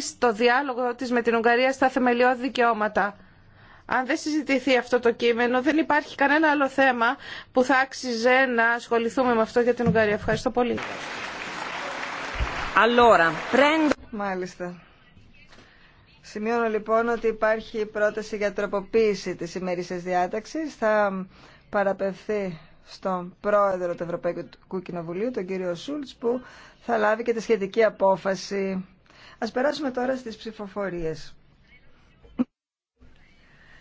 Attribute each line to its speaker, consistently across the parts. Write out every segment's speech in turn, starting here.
Speaker 1: στο διάλογο της με την Ουγγαρία στα θεμελιώδη δικαιώματα. Αν δεν συζητηθεί αυτό το κείμενο, δεν υπάρχει κανένα άλλο θέμα που θα άξιζε να ασχοληθούμε με αυτό για την Ουγγαρία. Ευχαριστώ πολύ. Μάλιστα.
Speaker 2: Σημειώνω λοιπόν ότι υπάρχει πρόταση για τροποποίηση της ημερήσιας διάταξης. Θα παραπευθεί στον πρόεδρο του Ευρωπαϊκού Κοινοβουλίου, τον κύριο Σούλτς, που θα λάβει και τη σχετική απόφαση. Ας περάσουμε τώρα στις ψηφοφορίες.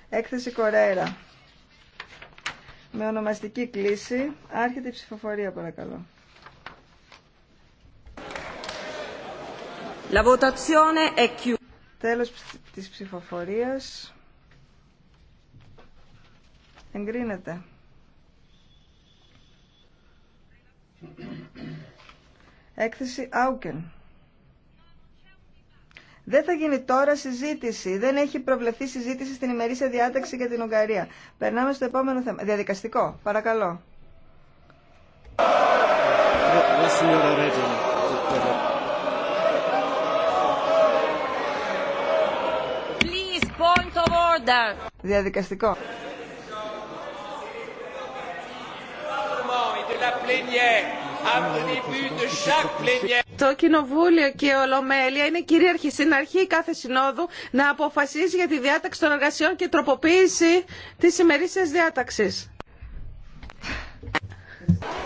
Speaker 2: Έκθεση Κορέρα. Με ονομαστική κλίση. Άρχεται η ψηφοφορία παρακαλώ. La votazione è chiusa. Τέλος της ψηφοφορίας. Εγκρίνεται. Έκθεση Άουκεν. Δεν θα γίνει τώρα συζήτηση. Δεν έχει προβλεφθεί συζήτηση στην ημερήσια διάταξη για την Ουγγαρία. Περνάμε στο επόμενο θέμα. Διαδικαστικό. Παρακαλώ. Please, point of order. Διαδικαστικό.
Speaker 1: Το Κοινοβούλιο και η Ολομέλεια είναι κυρίαρχη στην αρχή κάθε συνόδου να αποφασίζει για τη διάταξη των εργασιών και τροποποίηση της ημερήσιας διάταξης.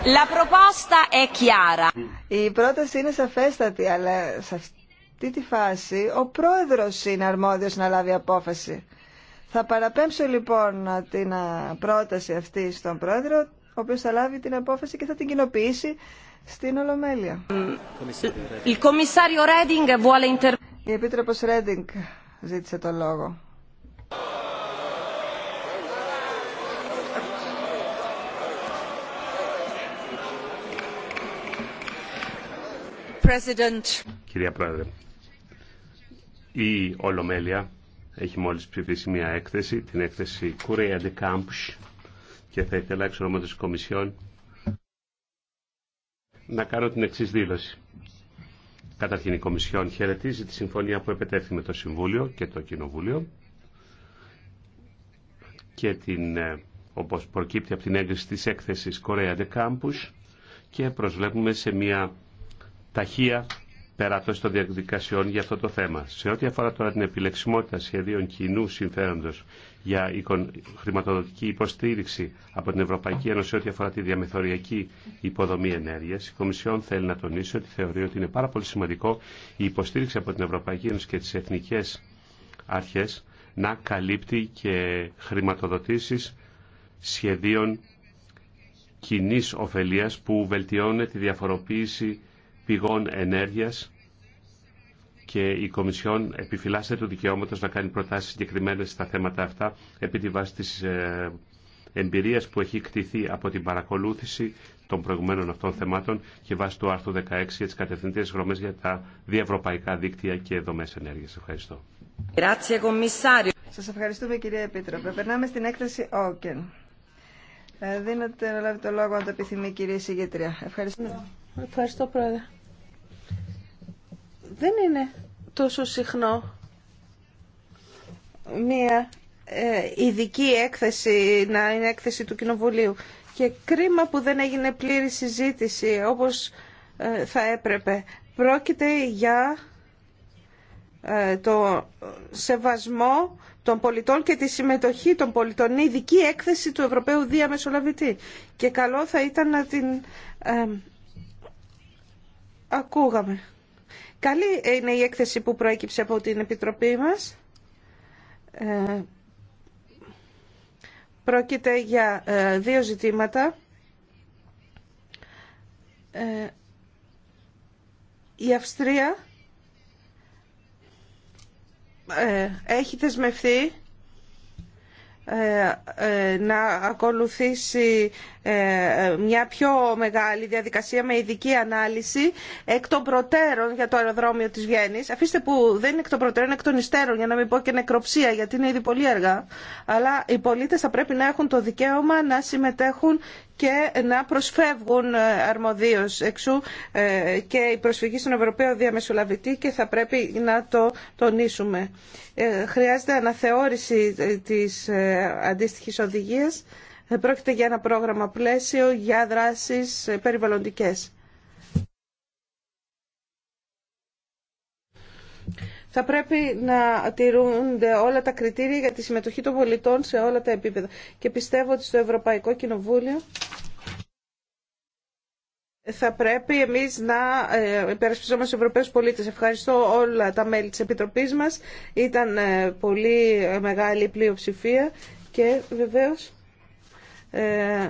Speaker 1: La proposta
Speaker 2: è chiara. Η πρόταση είναι σαφέστατη, αλλά σε αυτή τη φάση ο πρόεδρος είναι αρμόδιος να λάβει απόφαση. Θα παραπέμψω λοιπόν την πρόταση αυτή στον πρόεδρο ο οποίος θα λάβει την απόφαση και θα την κοινοποιήσει στην Ολομέλεια. Η Επίτροπος Ρέντινγκ ζήτησε το λόγο.
Speaker 3: Κυρία Πρόεδρε, η Ολομέλεια έχει μόλις ψηφίσει μια έκθεση, την έκθεση κουρέα de και θα ήθελα εξ ονόματο της Κομισιόν να κάνω την εξή δήλωση. Καταρχήν η Κομισιόν χαιρετίζει τη συμφωνία που επετέφθη με το Συμβούλιο και το Κοινοβούλιο και την, ε, όπως προκύπτει από την έγκριση της έκθεσης Korea de Campus και προσβλέπουμε σε μια ταχεία περάτωση των διαδικασιών για αυτό το θέμα. Σε ό,τι αφορά τώρα την επιλεξιμότητα σχεδίων κοινού συμφέροντο για χρηματοδοτική υποστήριξη από την Ευρωπαϊκή Ένωση ό,τι αφορά τη διαμεθοριακή υποδομή ενέργεια, η Κομισιόν θέλει να τονίσει ότι θεωρεί ότι είναι πάρα πολύ σημαντικό η υποστήριξη από την Ευρωπαϊκή Ένωση και τι εθνικέ αρχέ να καλύπτει και χρηματοδοτήσει σχεδίων κοινή ωφελία που βελτιώνει τη διαφοροποίηση πηγών ενέργειας και η Κομισιόν επιφυλάσσεται του δικαιώματο να κάνει προτάσει συγκεκριμένε στα θέματα αυτά επί τη βάση της ε, εμπειρία που έχει κτηθεί από την παρακολούθηση των προηγουμένων αυτών θεμάτων και βάσει του άρθρου 16 για τις κατευθυντές για τα διευρωπαϊκά δίκτυα και δομέ ενέργεια. Ευχαριστώ.
Speaker 2: Σα ευχαριστούμε κυρία Επίτροπε. Περνάμε στην έκθεση Όκεν. Ε, δίνετε να λάβει το λόγο αν το επιθυμεί κυρία Συγγήτρια.
Speaker 1: Ευχαριστώ. Ευχαριστώ πρόεδρε δεν είναι τόσο συχνό μία ε, ειδική έκθεση να είναι έκθεση του Κοινοβουλίου και κρίμα που δεν έγινε πλήρη συζήτηση όπως ε, θα έπρεπε. Πρόκειται για ε, το σεβασμό των πολιτών και τη συμμετοχή των πολιτών. Είναι ειδική έκθεση του Ευρωπαίου Διαμεσολαβητή και καλό θα ήταν να την ακούγαμε. Καλή είναι η έκθεση που προέκυψε από την Επιτροπή μας. Ε, πρόκειται για ε, δύο ζητήματα. Ε, η Αυστρία ε, έχει δεσμευθεί ε, ε, να ακολουθήσει ε, μια πιο μεγάλη διαδικασία με ειδική ανάλυση εκ των προτέρων για το αεροδρόμιο της Βιέννης. Αφήστε που δεν είναι εκ των προτέρων, είναι εκ των υστέρων για να μην πω και νεκροψία γιατί είναι ήδη πολύ έργα Αλλά οι πολίτες θα πρέπει να έχουν το δικαίωμα να συμμετέχουν και να προσφεύγουν ε, αρμοδίως εξού ε, και η προσφυγή στον Ευρωπαίο Διαμεσολαβητή και θα πρέπει να το τονίσουμε. Ε, χρειάζεται αναθεώρηση της αντίστοιχης οδηγίας. Πρόκειται για ένα πρόγραμμα πλαίσιο για δράσεις περιβαλλοντικές. θα πρέπει να τηρούνται όλα τα κριτήρια για τη συμμετοχή των πολιτών σε όλα τα επίπεδα. Και πιστεύω ότι στο Ευρωπαϊκό Κοινοβούλιο θα πρέπει εμείς να ε, υπερασπιζόμαστε στους Ευρωπαίους πολίτες. Ευχαριστώ όλα τα μέλη της Επιτροπής μας. Ήταν ε, πολύ μεγάλη πλειοψηφία και βεβαίως ε,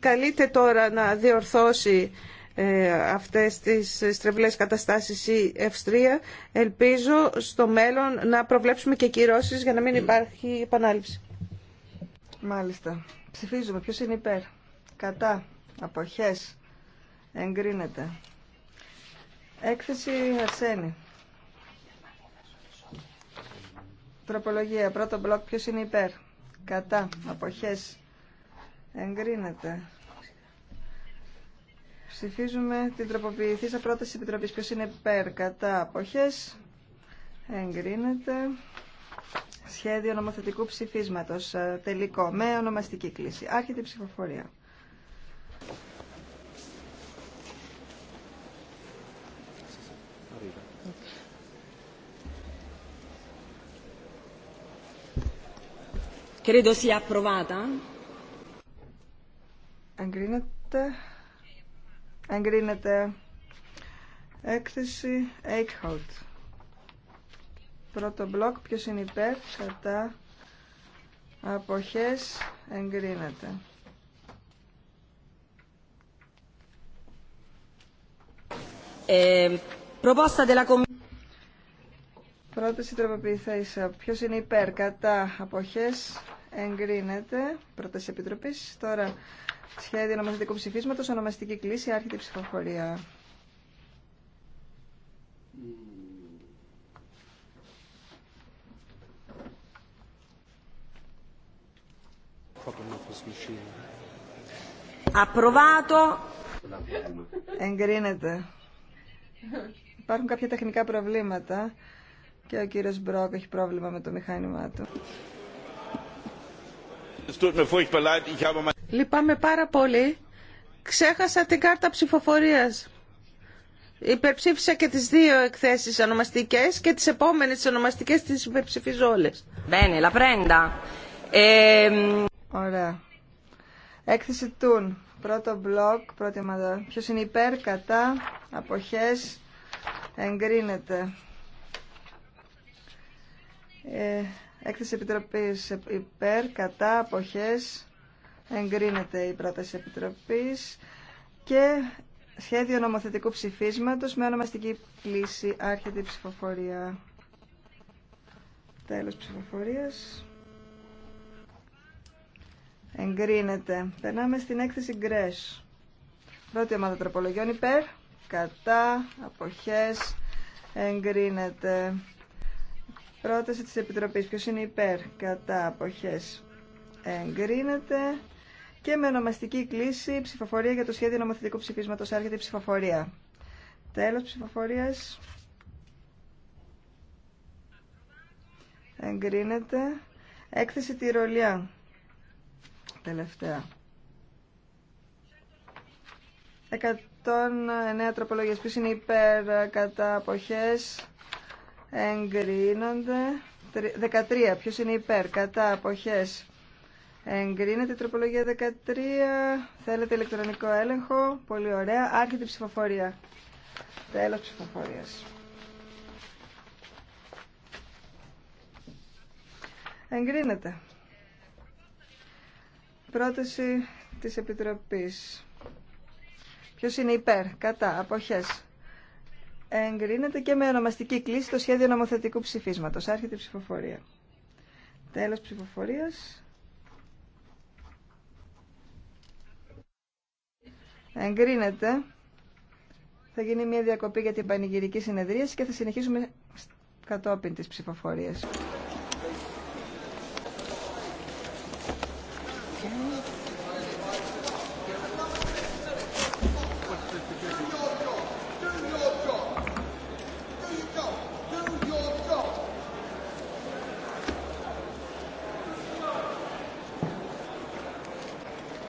Speaker 1: καλείται τώρα να διορθώσει ε, αυτές τις στρεβλές καταστάσεις η Ευστρία. Ελπίζω στο μέλλον να προβλέψουμε και κυρώσεις για να μην υπάρχει επανάληψη. Μάλιστα. Ψηφίζουμε. Ποιος είναι υπέρ. Κατά. Αποχές.
Speaker 2: Εγκρίνεται. Έκθεση Αρσένη. Τροπολογία. Πρώτο μπλοκ. Ποιος είναι υπέρ. Κατά. Αποχές. Εγκρίνεται. Ψηφίζουμε την τροποποιηθήσα πρόταση επιτροπής. Ποιος είναι υπέρ, κατά, αποχές. Εγκρίνεται. Σχέδιο νομοθετικού ψηφίσματος. Ε, τελικό. Με ονομαστική κλίση. Άρχεται η ψηφοφορία. Credo sia approvata. Εγκρίνεται. Εγκρίνεται έκθεση Eichhout. Πρώτο μπλοκ, ποιος είναι υπέρ, κατά, αποχές, εγκρίνεται. Ε, della... Πρόταση τροποποιηθέσα. Ποιος είναι υπέρ, κατά, αποχές, εγκρίνεται. Πρόταση Επιτροπής. Τώρα σχέδιο νομοθετικού ψηφίσματος, ονομαστική κλίση, άρχεται η ψηφοφορία. Απροβάτο. Εγκρίνεται. Υπάρχουν κάποια τεχνικά προβλήματα και ο κύριος Μπρόκ έχει πρόβλημα με το μηχάνημά του.
Speaker 1: Λυπάμαι πάρα πολύ. Ξέχασα την κάρτα ψηφοφορίας. Υπερψήφισα και τις δύο εκθέσεις ονομαστικές και τις επόμενες ονομαστικές τις υπερψηφίζω όλες. Bene, la ehm,
Speaker 2: Ωραία. Έκθεση τούν. Πρώτο μπλοκ, πρώτη ομάδα. Ποιος είναι υπέρ, κατά, αποχές, εγκρίνεται. Ε, Έκθεση επιτροπή υπέρ, κατά, αποχές, εγκρίνεται η πρόταση επιτροπή. και σχέδιο νομοθετικού ψηφίσματος με ονομαστική κλίση άρχεται η ψηφοφορία. Τέλος ψηφοφορίας. Εγκρίνεται. Περνάμε στην έκθεση Γκρέσ. Πρώτη ομάδα τροπολογιών υπέρ, κατά, αποχές, εγκρίνεται πρόταση της Επιτροπής. Ποιος είναι υπέρ, κατά, αποχές. Εγκρίνεται. Και με ονομαστική κλίση ψηφοφορία για το σχέδιο νομοθετικού ψηφίσματος. Άρχεται η ψηφοφορία. Τέλος ψηφοφορίας. Εγκρίνεται. Έκθεση τη Ρολιά. Τελευταία. 109 τροπολογίες. Ποιος είναι υπέρ κατά αποχές εγκρίνονται 13. Ποιο είναι υπέρ, κατά, αποχές. Εγκρίνεται η τροπολογία 13. Θέλετε ηλεκτρονικό έλεγχο. Πολύ ωραία. Άρχεται η ψηφοφορία. Τέλο ψηφοφορίας. Εγκρίνεται. Πρόταση της Επιτροπής. Ποιος είναι υπέρ, κατά, αποχές εγκρίνεται και με ονομαστική κλίση το σχέδιο νομοθετικού ψηφίσματος. Άρχεται η ψηφοφορία. Τέλος ψηφοφορίας. Εγκρίνεται. Θα γίνει μια διακοπή για την πανηγυρική συνεδρίαση και θα συνεχίσουμε κατόπιν της ψηφοφορίας.